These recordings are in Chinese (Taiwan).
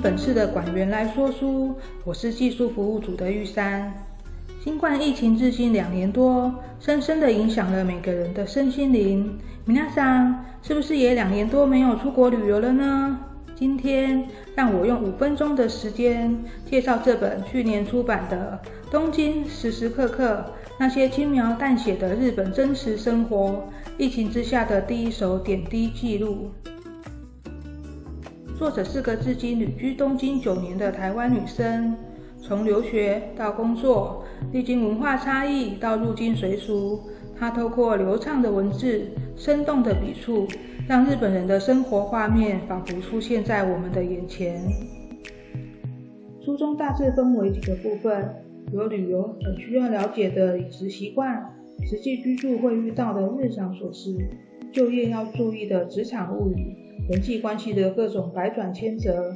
本次的館員來說書，我是技術服務組的玉山。新冠疫情至今兩年多，深深地影響了每個人的身心靈。皆さん是不是也兩年多沒有出國旅遊了呢？今天讓我用五分鐘的時間，介紹這本去年出版的《東京時時刻刻》，那些輕描淡寫的日本真實生活，疫情之下的第一手點滴記錄。作者是個至今旅居東京九年的台灣女生，從留學到工作，歷經文化差異到入境隨俗。她透過流暢的文字、生動的筆觸，讓日本人的生活畫面仿佛出現在我們的眼前。書中大致分為幾個部分，有旅遊等需要了解的飲食習慣，實際居住會遇到的日常瑣事，就業要注意的職場物語。人際關係的各種百轉千折，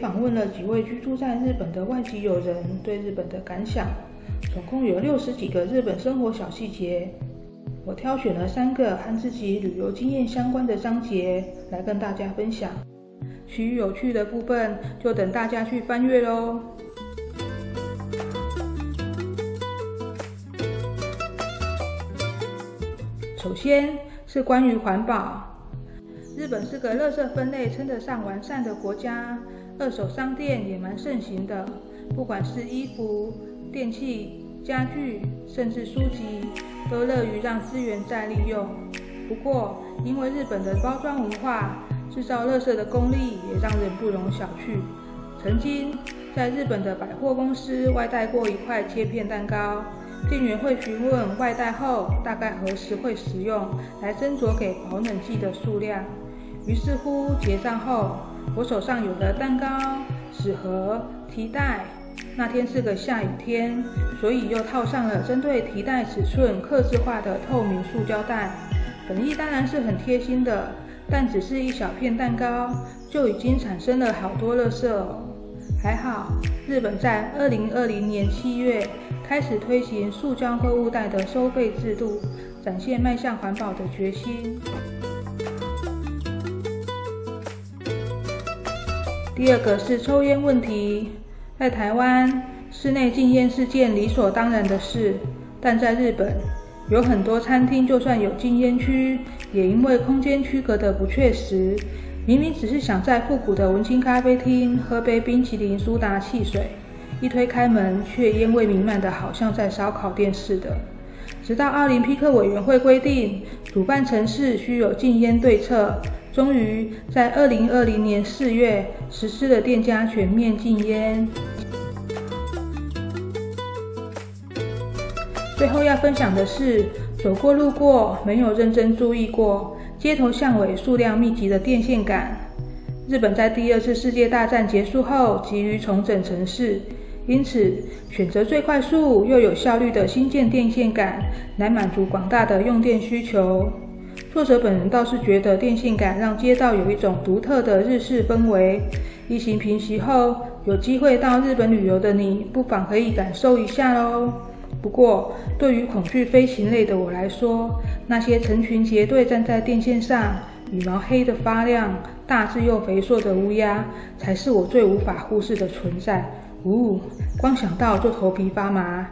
訪問了幾位居住在日本的外籍友人對日本的感想，總共有六十幾個日本生活小細節。我挑選了三個和自己旅遊經驗相關的章節來跟大家分享，其餘有趣的部分就等大家去翻閱嘍。首先是關於環保。日本是個垃圾分類稱得上完善的國家，二手商店也蠻盛行的。不管是衣服、電器、家具，甚至書籍，都樂於讓資源再利用。不過，因為日本的包裝文化，制造垃圾的功力也讓人不容小覷。曾經，在日本的百貨公司外帶過一塊切片蛋糕。店員會詢問外帶後大概何時會使用，來斟酌給保冷劑的數量。於是乎結賬後，我手上有的蛋糕紙盒提袋，那天是個下雨天，所以又套上了針對提袋尺寸客製化的透明塑膠袋。本意當然是很貼心的，但只是一小片蛋糕，就已經產生了好多垃圾哦。還好，日本在二零二零年七月，開始推行塑膠購物袋的收費制度，展現邁向環保的決心。第二個是抽菸問題，在台灣室內禁菸是件理所當然的事，但在日本，有很多餐廳就算有禁菸區，也因為空間區隔的不確實，明明只是想在復古的文青咖啡廳喝杯冰淇淋蘇打汽水，一推開門，卻煙味彌漫的，好像在燒烤店似的。直到奧林匹克委員會規定，主辦城市需有禁煙對策，終於在二零二零年四月實施了店家全面禁煙。最後要分享的是，走過路過，沒有認真注意過街頭巷尾數量密集的電線杆。日本在第二次世界大戰結束後，急於重整城市。因此，選擇最快速又有效率的新建電線桿，來滿足廣大的用電需求。作者本人倒是覺得電線桿讓街道有一種獨特的日式氛圍。疫情平息後，有機會到日本旅遊的你，不妨可以感受一下嘍。不過，對於恐懼飛禽類的我來說，那些成群結隊站在電線上、羽毛黑得發亮、大隻又肥碩的烏鴉，才是我最無法忽視的存在。嗚、哦，光想到就頭皮發麻。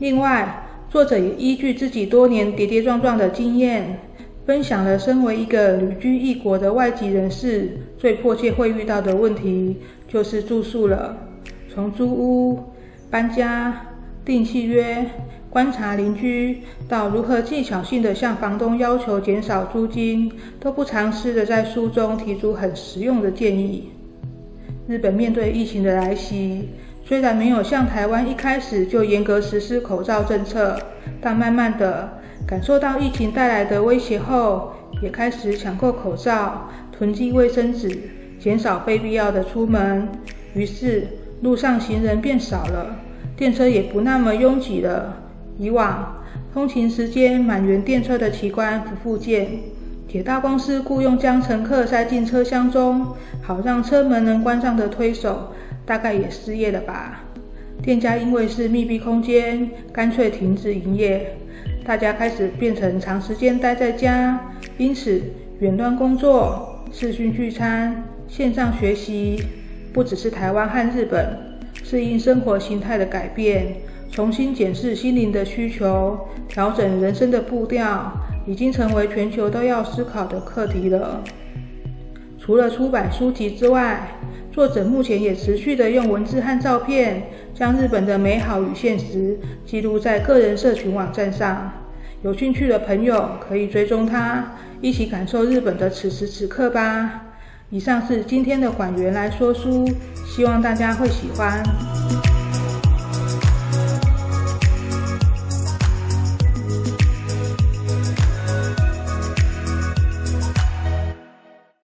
另外，作者也依據自己多年跌跌撞撞的經驗，分享了身為一個旅居異國的外籍人士最迫切會遇到的問題，就是住宿了。從租屋、搬家、訂契約、觀察鄰居，到如何技巧性的向房東要求減少租金，都不藏私的在書中提出很實用的建議。日本面對疫情的來襲，雖然沒有像台灣一開始就嚴格實施口罩政策，但慢慢的感受到疫情帶來的威脅後，也開始搶購口罩、囤積衛生紙、減少非必要的出門。於是路上行人變少了，電車也不那麼擁擠了。以往通勤時間滿員電車的奇觀不復見。鐵道公司僱用將乘客塞進車廂中，好讓車門能關上的推手，大概也失業了吧。店家因為是密閉空間，乾脆停止營業。大家開始變成長時間待在家，因此遠端工作、視訊聚餐、線上學習，不只是台灣和日本，適應生活形態的改變，重新檢視心靈的需求，調整人生的步調。已經成為全球都要思考的課題了。除了出版書籍之外，作者目前也持續的用文字和照片，將日本的美好與現實記錄在個人社群網站上。有興趣的朋友可以追蹤他，一起感受日本的此時此刻吧。以上是今天的館員來說書，希望大家會喜歡。